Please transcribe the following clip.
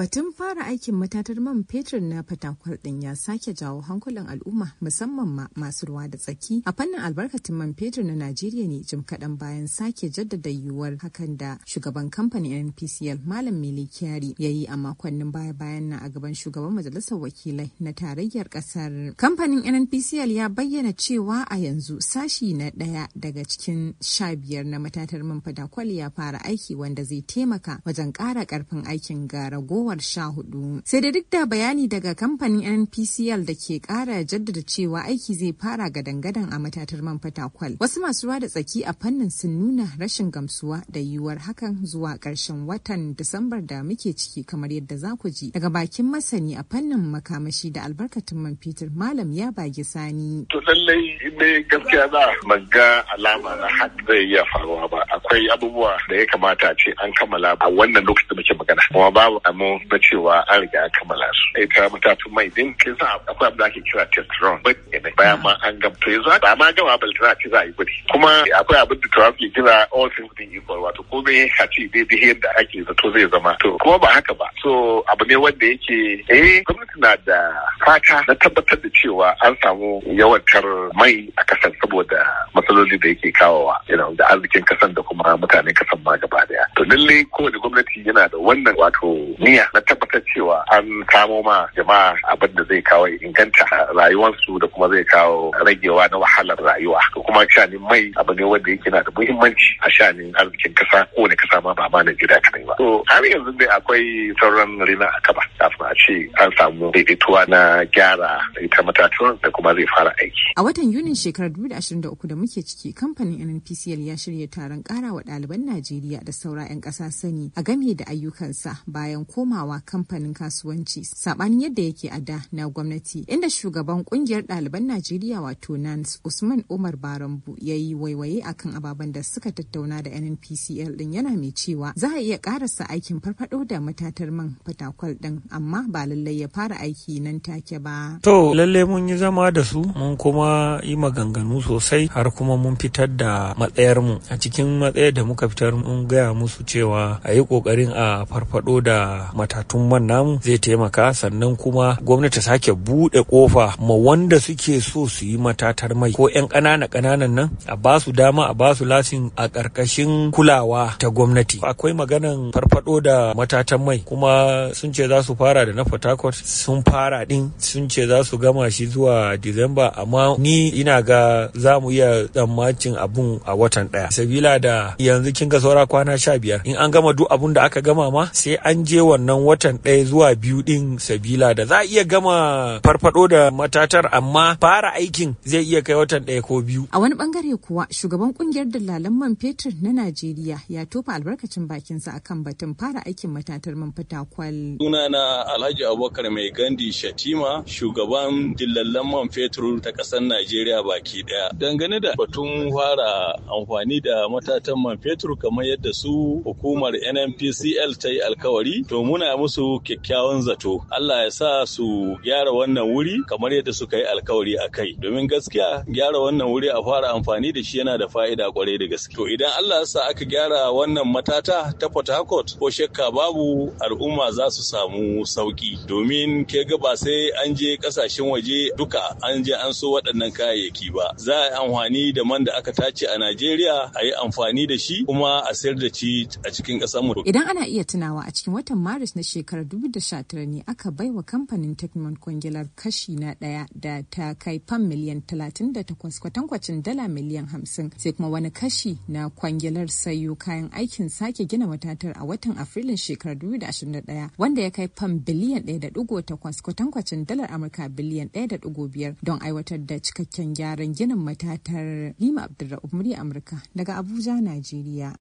Batun fara aikin matatar man fetur na fatakwal ɗin ya sake jawo hankulan al'umma musamman ma masu ruwa da tsaki a fannin albarkatun man fetur na Najeriya ne jim kaɗan bayan sake jaddada yiwuwar hakan da shugaban kamfanin NPCL Malam Mili Kyari ya yi a makonnin baya bayan na a gaban shugaban majalisar wakilai na tarayyar ƙasar. Kamfanin NPCL ya bayyana cewa a yanzu sashi na ɗaya daga cikin sha biyar na matatar man fatakwal ya fara aiki wanda zai taimaka wajen ƙara ƙarfin aikin gara ragowa shawar sha hudu. Sai da duk da bayani daga kamfanin NPCL da ke kara jaddada cewa aiki zai fara gadan-gadan a matatar man fatakwal. Wasu masu ruwa da tsaki a fannin sun nuna rashin gamsuwa da yiwuwar hakan zuwa ƙarshen watan Disambar da muke ciki kamar yadda za ku ji daga bakin masani a fannin makamashi da albarkatun man fetur Malam ya bagi sani. To lallai ne gaskiya za ga alama na zai iya faruwa ba. akwai abubuwa da ya kamata ce an kammala a wannan lokacin da muke magana kuma babu amu na cewa an riga an kammala su ita matafin mai din kin san akwai abu da ake kira testosterone ba ne bayan ma an gama to yanzu ba ma gama tana ce za a yi gudi kuma akwai abin da turawa ke kira all things being equal wato ko bai a ce daidai yadda ake zato zai zama to kuma ba haka ba so abu ne wanda yake eh gwamnati na da fata na tabbatar da cewa an samu yawantar mai a kasar saboda matsaloli da yake kawowa da arzikin kasar da kuma ma mutanen kasan ma gaba daya to lalle kowane gwamnati yana da wannan wato niyya na tabbatar cewa an samo ma jama'a abin da zai kawo inganta rayuwarsu da kuma zai kawo ragewa na wahalar rayuwa Ko kuma shani mai abu ne wanda yake na da muhimmanci a shani arzikin kasa kowane kasa ma ba ma Najeriya kadai ba to har yanzu dai akwai sauran rina a kaba kafin a ce an samu daidaituwa na gyara ita matatuwan da kuma zai fara aiki a watan yunin shekarar 2023 da muke ciki kamfanin NNPCL ya shirya taron kara wa ɗaliban Najeriya da saura 'yan ƙasa sani a game da ayyukansa bayan komawa kamfanin kasuwanci saɓanin yadda yake a da na gwamnati inda shugaban ƙungiyar ɗaliban Najeriya wato NANS Usman Umar Barambu ya yi waiwaye akan ababen da suka tattauna da NNPCL ɗin yana mai cewa za a iya ƙarasa aikin farfaɗo da matatar man fatakwal ɗin amma ba lallai ya fara aiki nan take ba. To lallai mun yi zama da su mun kuma yi maganganu sosai har kuma mun fitar da matsayarmu a cikin matsayar ɗaya da muka fitar mun gaya musu cewa a yi ƙoƙarin a farfado da matatun man namu zai taimaka sannan kuma gwamnati sake buɗe ƙofa ma wanda suke so su yi matatar mai ko 'yan ƙanana ƙananan nan a ba su dama a ba su lasin a ƙarƙashin kulawa ta gwamnati akwai maganan farfado da matatan mai kuma sun ce za su fara da na Port sun fara ɗin sun ce za su gama shi zuwa Disamba amma ni ina ga za mu iya tsammacin abun a watan ɗaya sabila da yanzu kin ga saura kwana sha biyar in an gama duk abun da aka gama ma sai an je wannan watan ɗaya zuwa biyu ɗin sabila da za a iya gama farfado da matatar amma fara aikin zai iya kai watan ɗaya ko biyu. A wani bangare kuwa shugaban kungiyar dalalan man fetur na Najeriya ya tofa albarkacin bakinsa akan batun fara aikin matatar man fatakwal. na Alhaji Abubakar Mai Gandi Shatima shugaban dillallan man fetur ta ƙasar Najeriya baki ɗaya. Dangane da batun fara amfani da matatar buƙatar man fetur kamar yadda su hukumar NNPCL ta yi alkawari to muna musu kyakkyawan zato Allah ya sa su gyara wannan wuri kamar yadda suka yi alkawari a kai domin gaskiya gyara wannan wuri a fara amfani da shi yana da fa'ida kwarai da gaske to idan Allah ya sa aka gyara wannan matata ta Port Harcourt ko shakka babu al'umma za su samu sauki domin ke ga ba sai an je kasashen waje duka an je an so waɗannan kayayyaki ba za a yi amfani da man da aka tace a Najeriya a yi amfani amfani da shi kuma a sayar da shi a cikin ƙasar mu. Idan ana iya tunawa a cikin watan Maris na shekarar 2019 ne aka bai wa kamfanin Tecmon kwangilar kashi na ɗaya da ta kai fan miliyan 38 kwatankwacin dala miliyan 50 sai kuma wani kashi na kwangilar sayo kayan aikin sake gina matatar a watan Afrilun shekarar 2021 wanda ya kai fan biliyan 1.8 kwatankwacin dalar Amurka biliyan 1.5 don aiwatar da cikakken gyaran ginin matatar nima Abdulrahman Murya Amurka daga Abuja na Nigeria.